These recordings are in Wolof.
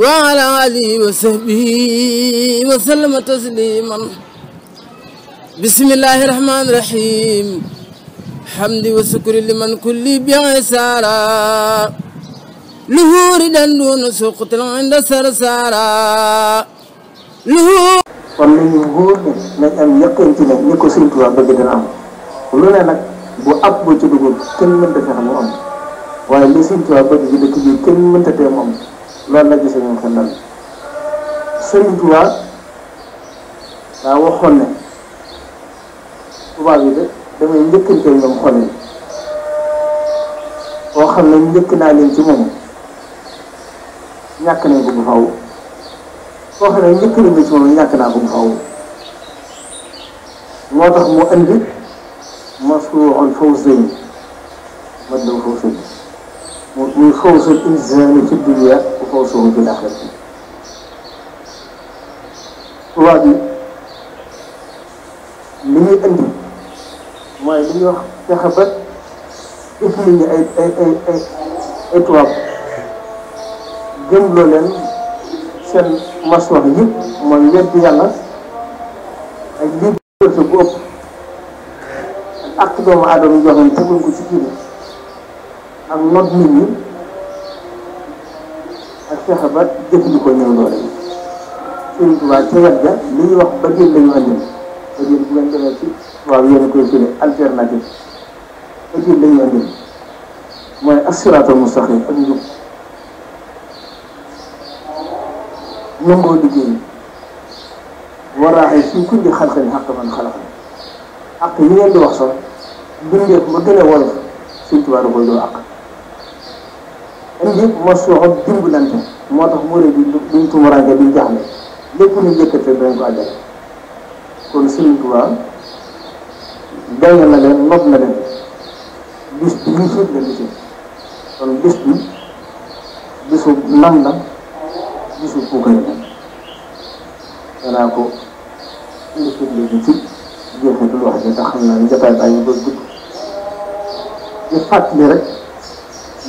وعلى آله وصحبه وسلم تسليما بسم الله الرحمن الرحيم حمد وشكر لمن كل بعسارا لهور دندون سقط عند سرسارا لهور kon nañu wóor ne nañ am ni ko Sëriñ Tuubaa bëgg ne nag bu ab boo ci duggoon kenn mënta mu am waaye li Sëriñ Tuubaa bëgg ci dëkk bi kenn mënta mu am loolu la gisee ñu ko dal Sëriñ Tuubaa daa waxoon ne tubaab yi de damay njëkkante ñoom xol xam ne njëkk naa leen ci moom ñàkk nañ ko bu faw boo xam ne njëkk nañ ko ci moom ñàkk naa ko bu faw moo tax mu indi masruuxul kaw suuf du ndax rek Tuubaa bi li ñuy indi mooy li ñuy wax fexe ba utiliser ay ay ay ay ay tubaab gëm loo leen seen maswax yëpp mooy wedd yàlla ak liberté bu ëpp ak doomu aadama joxoon teguñ ko ci diine ak noot nit ñi fexe ba jëfandikoo néew doole bi Sëriñ Tuubaa ca wet ga li ñuy wax ba déet lañu andil ba déet bu ngeen demee ci waaw yéen a koy tudde alternative ba déet lañu andil mooy asiraatal mustaqim ak njub nangoo liggéey waraaxee suñ kulli xalqin xaq man xalaqa xaq yi ngeen di wax sax mbindeef ma gën a wolof Sëriñ Tuubaa da koy doo àq léegi masuuxa dimbalante moo tax murid bi duñ tumuraange duñ jaaxle lépp lu yëkkate dañ ko àggale na na leen bis bi la li ci kon bis bi bisu ndam la bisu puukare la danaa ko indi fiit la bi ci rek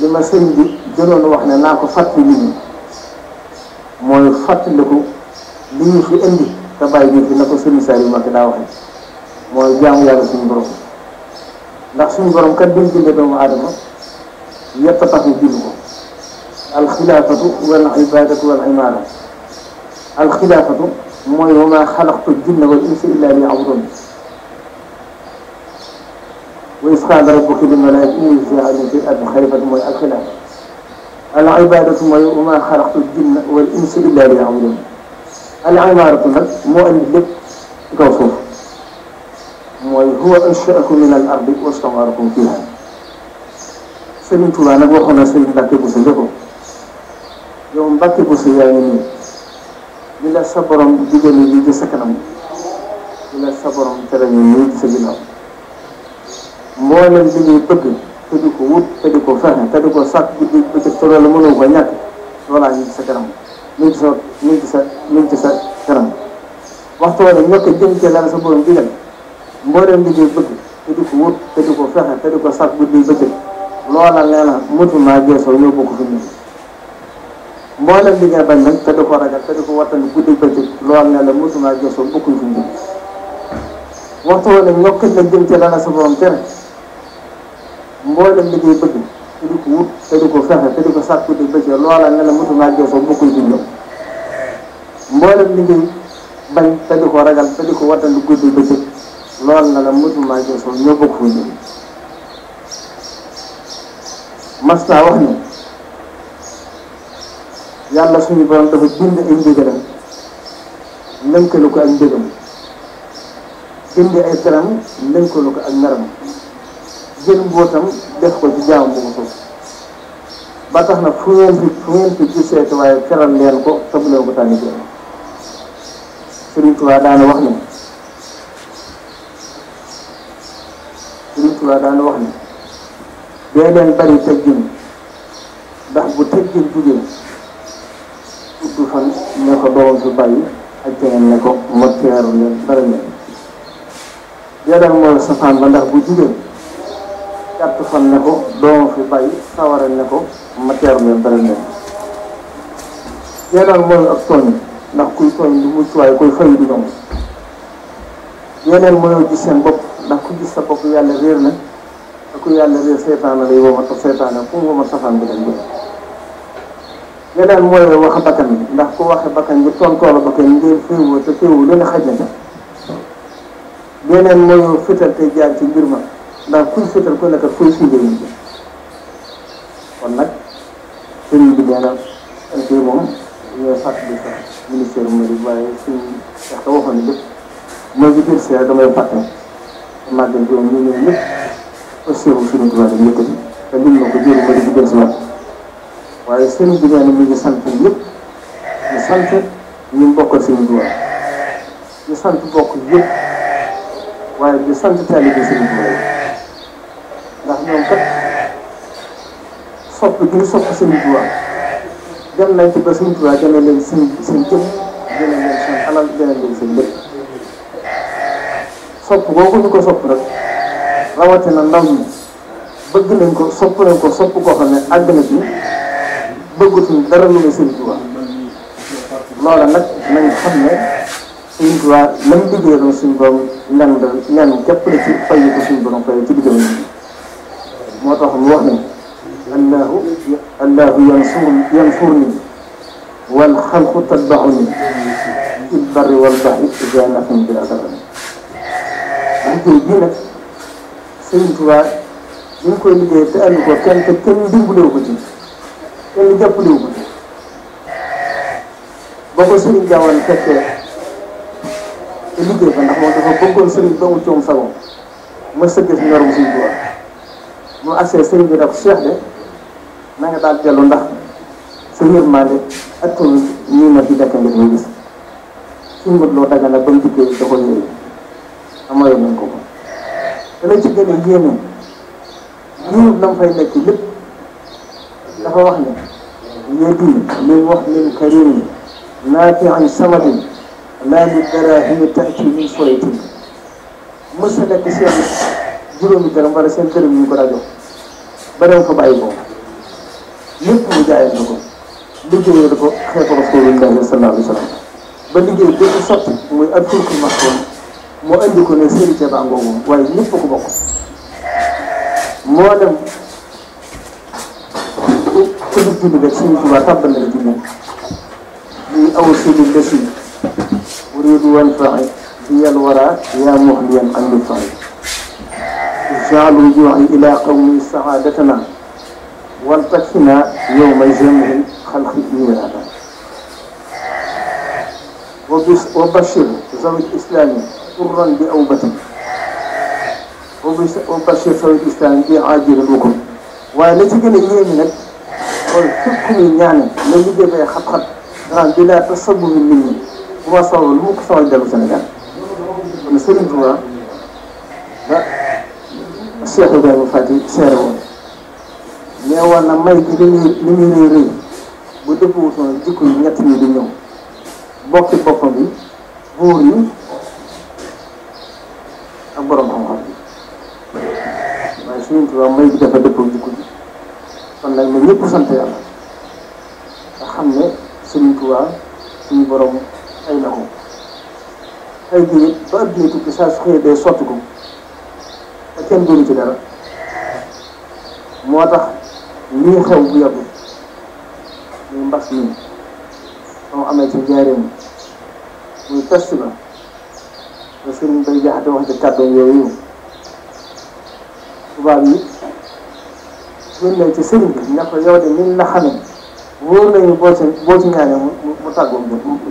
li ma sëriñ bi jëloon wax ne naa ko fàttali nit ñi mooy fàttaliku li ñu fi indi te bàyyi ñu fi na ko sëriñ Saliou Mbacké daa waxee mooy jaamu yàlla suñu borom ndax suñu borom kat dañ bindee doomu aadama yépp a tax ñu bind ko alxilaafatu wal ibaadatu wal imaara alxilaafatu mooy wa maa xalaqtu jinna wal insa illaa liya'buduun wa iz qaala rabbuka lil malaa'ikati innii jaa'ilun fil ardi xaliifatan mooy alxilaafa al-ibaadatu mooy wa maa xalaqtu jinna wal insa illaa liya'buduun al-ibaadatu nag moo andi lépp ci kaw suuf mooy huwa ansha'akum min al-ardi wasta'marakum fiiha Sëriñ Tuubaa nag waxoon na Sëriñ Mbàkke Buso ne ko yow Mbàkke Buso yaa ngi nii li la sa borom digal lii di sa kanam li la sa borom tere lii di sa ginnaaw mboolem li ñuy bëgg te di ko wut te di ko fexe te di ko sàkk di te loolu mënoo ko ñàkk loolaa ñu ngi sa kanam ñu ngi sa ñu ngi sa ñu ngi sa kanam waxtu woon nag ñàkk jëm ci dara sa borom digal mbooleem liggéey bëgg te di ko wut te di ko fexe te di ko sàkk bu dul bëccëg loola nee na mutuma geesoo ñoo bokk fi mu ne mbooleem li ngay bañ nag te di ko ragal te di ko wattan guddi bëccëg lool ne la mutuma geesoo bokkuñ fi mu ne waxtu woon nag ñàkk la jëm ci dara sa borom tere mbooleem liggéey bëgg te di ko wut te di ko fexe te di ko sàkku di bëccëg loola nga ne mosumaa joso bokkul ci ñoom mboolem li bañ te di ko ragal te di ko wattandu guddi bëccëg lool na la mosumaa ñoo bokk fu ñu masta wax ni yàlla suñu borom dafa bind ay ndigalam lënkale ko ak ndëgam bind ay teram lënkale ko ak meram jël mbootam def ko ci jaamu bu ko suuf ba tax na fu ngeen fi fu ngeen fi gisee ko waaye feral leen ko te bu leen ko tànni jëm Sëriñ Tuubaa daana wax ne Sëriñ Tuubaa daana wax ne dee leen bari teggin ndax bu teggin jugee udd fan ne ko doomam fi bàyyi ak keneen ne ko ma teeru leen bari leen dee leen mooy safaan ba ndax bu jugee gàtt fan ne ko dooma fi bàyyi sawara ne ko matière leen bëri leen mooy ak tooñ ndax kuy tooñ du mucc waaye koy fayu du yeneen mooy gis seen bopp ndax ku gis sa bopp yàlla réer yàlla réer seytaane lay woo ma bi dañ yeneen bakkan bi ndax ku waxe bakkan bi tontoola bakkan ngeen féewoo te féewoo ne xaj na ca yeneen mooy fital te jaar ci mbir ma ndax kuy seetal ku nekk fooy si njëriñ bi kon nag sëriñ bi nee na tey moom ñoo sàkk bi sax ministère mu ne waaye suñ wax ko waxoon lépp mooy bi biir seer damay fàtte màggal bi ñu ne lépp aussi suñu tubaab yi yëkkati ma ko jëriñ ma di gën si waat waaye sëriñ bi nee na mi sant ñëpp ñu sant ñu bokkal suñu tubaab ñu sant bokk yëpp waaye di sant taalibe bi suñu sopp gi ñu sopp Sëriñ Tuubaa dem nañ ci ba Sëriñ Tuubaa dana leen seen seen jëm dana leen seen alal dana leen seen lépp sopp boobu ñu ko sopp rek rawatina ndaw ñi bëgg nañ ko sopp nañ ko sopp koo xam ne àgg na ci bëggatuñ dara lu ne Sëriñ Tuubaa loola nag nañ xam ne Sëriñ Tuubaa la mu liggéey doon suñu borom nen la nen képp la ci fay ko suñu borom fay ci diggante moo tax mu wax nañ allahu allahu yansur yansurni wal xalqu tatbauni il barri wal bahri idanahum bi asarani liggéey bii nag Sëriñ Tuubaa ñu ngi koy liggéey te ànd ko kenn te kenn dimbalewu ko ci kenn jàppalewu ko ci ba ko Sëriñ Gaawaan fekkee te liggéey fa ndax moom dafa bëggoon sëriñ ba mu coom sago ma sëgg si ñorom Sëriñ Tuubaa mu accès sëriñ bi nag Cheikh de na nga daal dellu ndax su yërmande ak tuur ñii ma fi dekk ngir ñu gis suñ bët loo dagana ba mu dikkee da ko yëre amayoon nañ ko ko te la ci gën a yéeme ñii la mu fay nekk lépp dafa wax ne yeddi min wax min karim naati an samadin laa li darahimi taati min soretin mës a nekk seen juróomi dërëm wala seen dërëm ñu ko daa jox ba dem fa bàyyi lépp mu jaayal na ko liggéeyal ko xeetu rasulillahi sallallahu alayhi wa sallam ba liggéey bépp sotti muy ak fulkul maxtoon moo andi ko ne Serigne Thiel baa ngoogu waaye ñëpp ko bokk moo dem ku di julli rek Serigne Touba tàbbal na la ci moom di aw sidi lesi uridu wan faxi di yal wara yaa muxliyan an lu faxi jaalu juuxi ila qawmi saadatana والفتنا يوم جمع خلق ميراثا وبشر ذوي الإسلام طرا بأوبة وبشر ذوي الإسلام بعاجل الوقوف waaye la ci gën a yéeme nag loolu képp ku muy ñaanal la ñu demee xat-xat danaan bi laa tasabu bi nit ñi bu ma soxla lu mu ko soxla dellu Sénégal kon Serigne Touba ba Cheikh Ibrahima Fati seere woon nee na may gi li muy li muy rëy rëy bu dëppwutoon jikko yi ñett ñi di ñëw bokki boppam bi buur yi ak borom xam-xam bi waaye Sëriñ Tuubaa may gi dafa dëppoo jikko ji sant yàlla xam ne Sëriñ Tuubaa suñu borom ay na ko ay bi ba adduna tukki saa su day sotti ko te kenn dóoru ci dara moo tax lii xew bu yàggul muy mbas mi ba amee ci njaareem muy pest ba te sëriñ bay jaxate wax ci kàddoom yooyu tubaab ci sëriñ bi ne ko yow de min la xamee wóor nañu boo ci boo ci ñaanee mu mu tàggoo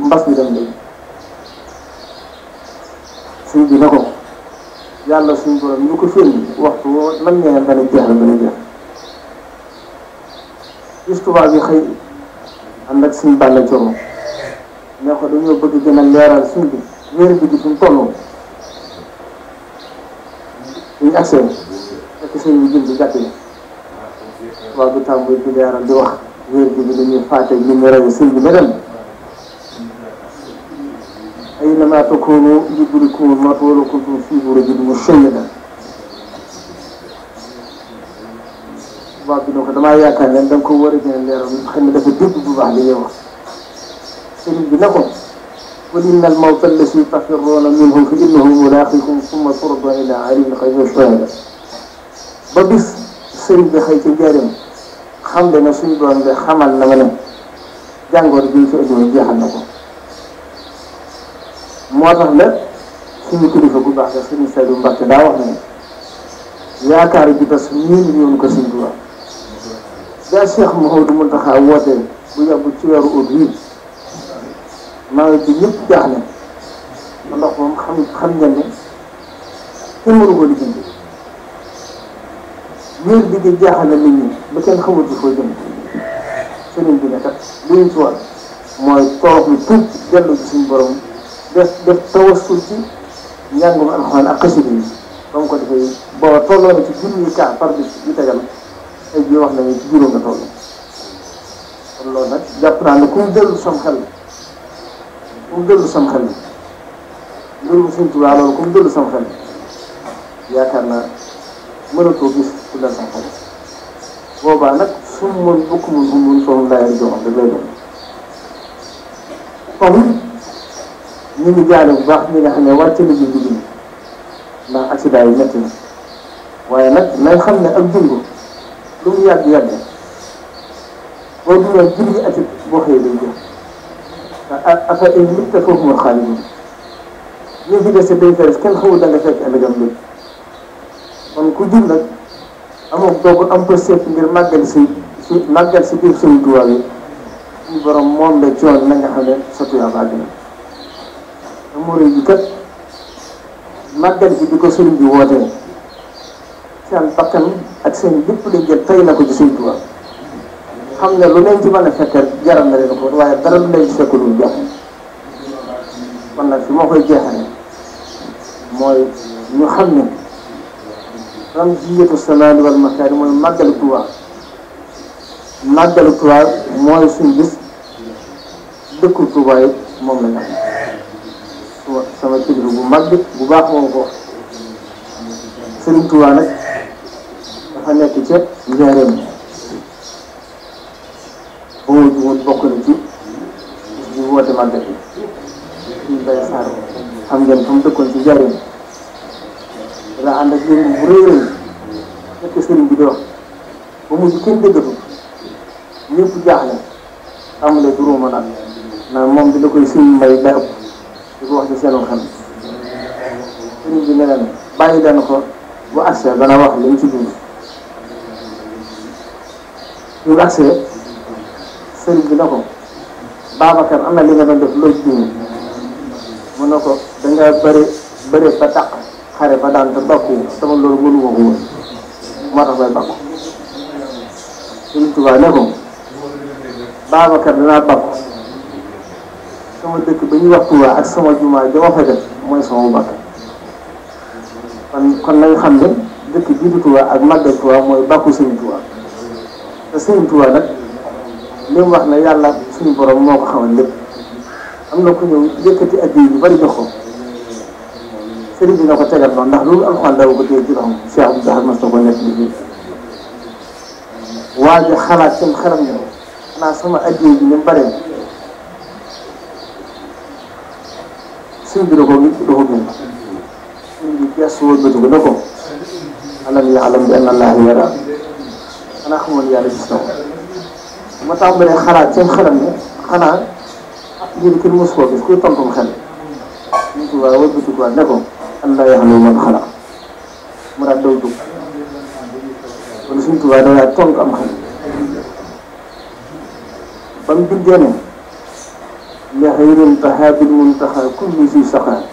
mbas mi dem léegi sëriñ bi na ko yàlla suñu borom ñu ko firni waxtu woo lan ñeneen dana jeexal dana jeex bis tubaab yi xëy ànd ak suñu bàll coono ne ko dañoo bëgg gën a leeral suñ bi wéer bi di suñ tolloo suñu accès fekk suñ bi jël di yi tubaab bi tàmbali di leeral di wax wéer bi di dañuy fàtte ñu mu rawe tubaab bi ne ko damaa yaakaar ne da nga ko war a gën a leeral xëy na dafa dégg bu baax li ngay wax sëriñ bi ne ko qul inna al mawta allati tafirruuna minhu fa innahu mulaaqikum summa turadduuna ilaa aalimil ghaybi wash-shahaada ba bis sëriñ bi xëy ca njëriñ xam nga ne suñu doon de xamal na ma ne jàngoor bi fi ëllëgee jeexal na ko moo tax la suñu kilifa bu baax la sëriñ Saliou Mbacke daa wax ne yaakaar bi bas miin yoon ko suñu daa Cheikh Mouhamadou Mountakha woote bu yàggul ci weeru ut wii nawet bi ñëpp jaaxle na ndox moom xam xam ngeen ne kenn mënu ko lijjanti ñeent bi di jaaxal na nit ñi ba kenn xamul ci foo jëm sëriñ bi ne kat li ñu ci war mooy toox lu tuub dellu ci suñu borom def def tawassul ci njàngum alxuraan ak xasida yi ba mu ko defee booba tolloo na ci junni kaa par bis yu tegal ay bi wax na ne ci juróom nga toll kon loolu nag jàpp naa ne ku mu dellu sam xel ku mu dellu sam xel mbirum Sëñ Tuubaa loolu ku mu dellu sam xel yaakaar naa mënatoo gis ku dal sam xel boobaa nag su mu mën bukk mun bu mun soo laayal joxam da lay doon kon ñu ngi jaale bu baax ñi nga xam ne wàcc na bi guddi ndax accident yi metti na waaye nag nañ xam ne ak dund lu mu yàgg yàgg boo dugal junni at boo xëyee day jeex afa in mitta fa humul xaaliduun ñoo fi des day fees kenn xawul da nga fekk ëllëgam léegi kon ku jur nag amoo doog am ko seet ngir màggal si si màggal si biir sëñ Tuubaa yi moom la joon na nga sa tuyaaba àgg na te mu rëy bi kat si bi ko sëriñ bi wootee. seen bakkan ak seen lépp lañ jël tey na ko ci Sëñ xam ne lu leen ci mën a fekkee na leen ko waaye dara lu leen ci fekk lu jox kon nag fi ma koy jeexale mooy ñu xam ne ramziyatu salaali wal makaari mooy màggalu Tuubaa mooy suñ bis dëkku Tuubaa moom la ñu sama kilifa bu mag bu baax moom ko Sëriñ Tuubaa nag dafa nekk ca njaareem boo woon bokk na ci di woote màggal bi suñ bay saar xam ngeen fa mu dëkkoon ci njaareem la ànd ak yëngu bu rëy rëy fekk sëriñ bi di wax ba mujj kenn dëggatu ñëpp jaaxle amule juróoma nag naan moom bi da koy sëriñ may la ëpp di ko wax ci seenu xam sëriñ bi ne leen bàyyi leen ko bu accès wax li mu ci dund ñu agsee sëriñ bi na ko Babacar am na li nga doon def loo jiw mu ne ko danga bëri bëri ba dàq xare ba daan te bakku sama loolu mënu ma ko woon moo tax may bakku sama dëkk ba ñu wax Tuubaa ak sama jumaa ja ma fa def mooy sama bakk kon kon nañ xam ne dëkk bii di Tuubaa ak màggal Tuubaa mooy bàkku Sëriñ Tuubaa te Sëriñ Tuubaa nag li mu wax ne yàlla suñu borom moo ko xamal lépp am na ku ñëw yëkkati ak yu bari jox ko sëriñ bi na ko tegal noonu ndax loolu alxuraan daw ko téye ci loxoom Cheikh Abdou Zahar mas na ko nekk liggéey waa ji xalaat seen xaram ne xanaa sama addiya yi ni mu bare sëriñ bi da ko ngi da ko génn sëriñ bi gestu wëlbatiku na ko alam ya'lam bi anna Allaha yara xanaa xamoon yàlla gis na ko ma tàmbalee xalaat seen xelam ne xanaa lii di kenn mos koo gis kuy tontum xel ñu ko waaye wëlbati ko ne ko allah yaxlu man xalaq mu daal daw dugg kon suñ tubaab da daal tonk am xel ba mu bindee ne laxayril taxa bil muntaxa kulli si saxaar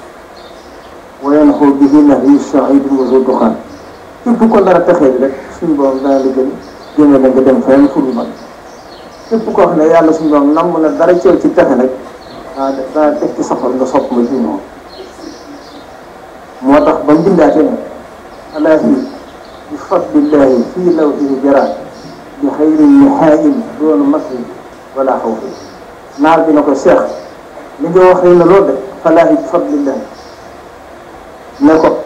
wa yanxu bihi naxyu saidin wa zu duxaan képp ko nar a texee rek suñu borom dana la gën jéem a dem nga dem fenn fu dul man képp koo xam ne yàlla suñu doom namm na dara ceew ci texe nag daa daa teg ci soxal nga sopp ba ci moo tax ba mbindaate ne alaahi bi fadlillahi fii lawhihi jaraat bi xayrin nihaayim doonu masri wala xawfi naar bi na ko seex li nga wax rek na loolu de falaahi bi fadlillahi ne ko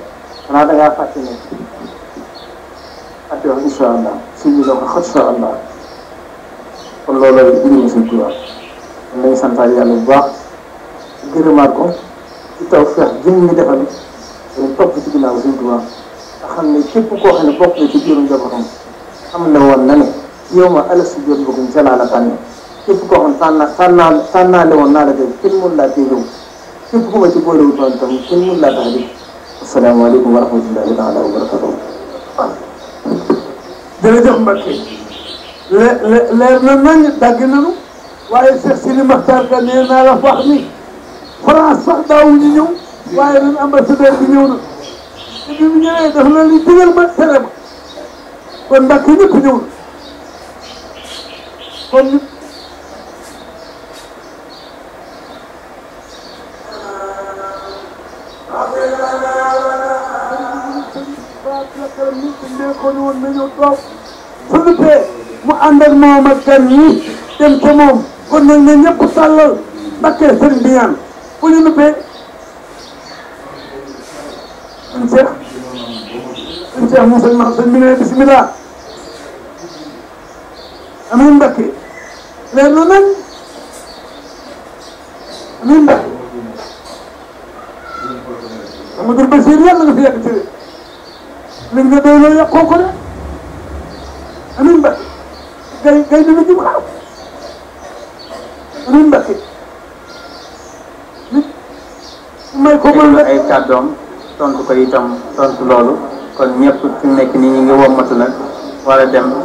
xanaa dangaa fàtte ati wax incha allah suñu la ko xëcc allah kon loolu la gërëm suñu Tuubaa kon nañu santaat yàlla bu baax gërëmaat ko ci taw feex jëm ñu defal dañu topp ci ginnaaw suñu Tuubaa nga xam ne képp koo xam ne bokk na ci juróom njabootam xam ne woon na ne yow ma alal si jot bëgg njëlaat la tànn képp koo xam ne tànn tànn tànnaale woon naa la tey kenn mun laa tey yow képp ku ma ci boolewutoon tam kenn mun laa tax a jóg asalaamaaleykum wa rahmatullahi taala wa barakatuh jërëjëf Mbacke leer leer na nañu dagg nañu waaye Cheikh Sidi Makhtar Ka nee naa la wax ni France sax daawuñu ñëw waaye ren ambassadeur bi ñëw na te bi mu ñëwee daf la li digal ma tere ma kon Mbacke ñëpp ñëw na kon fekkee nit ñi ne ko ñëwoon nañu toog fulupee mu ànd ak moom ak gan yi dem ca moom kon nag ne ñëpp tàllal bakkee sëriñ bi ñaan fu ñu nuppee sëñ Cheikh sëñ Cheikh mu sëñ Max sëñ bi ne bismillah amiin Mbakke leer na nañ léegi nag day looy yàq kooku ne amiin Mbacke gay gay dina jëm xaaw amiin Mbacke nit may ko mën la ay kàddoom tontu ko itam tontu loolu kon ñëpp fi mu nekk nii ñu ngi wommatu nag war dem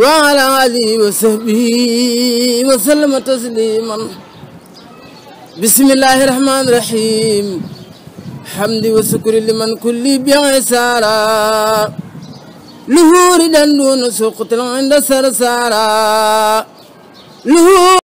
وعلى آله وصحبه وسلم تسليما بسم الله الرحمن الرحيم حمد وشكر لمن كل بعسارا لهور دون سقط عند سرسارا لهور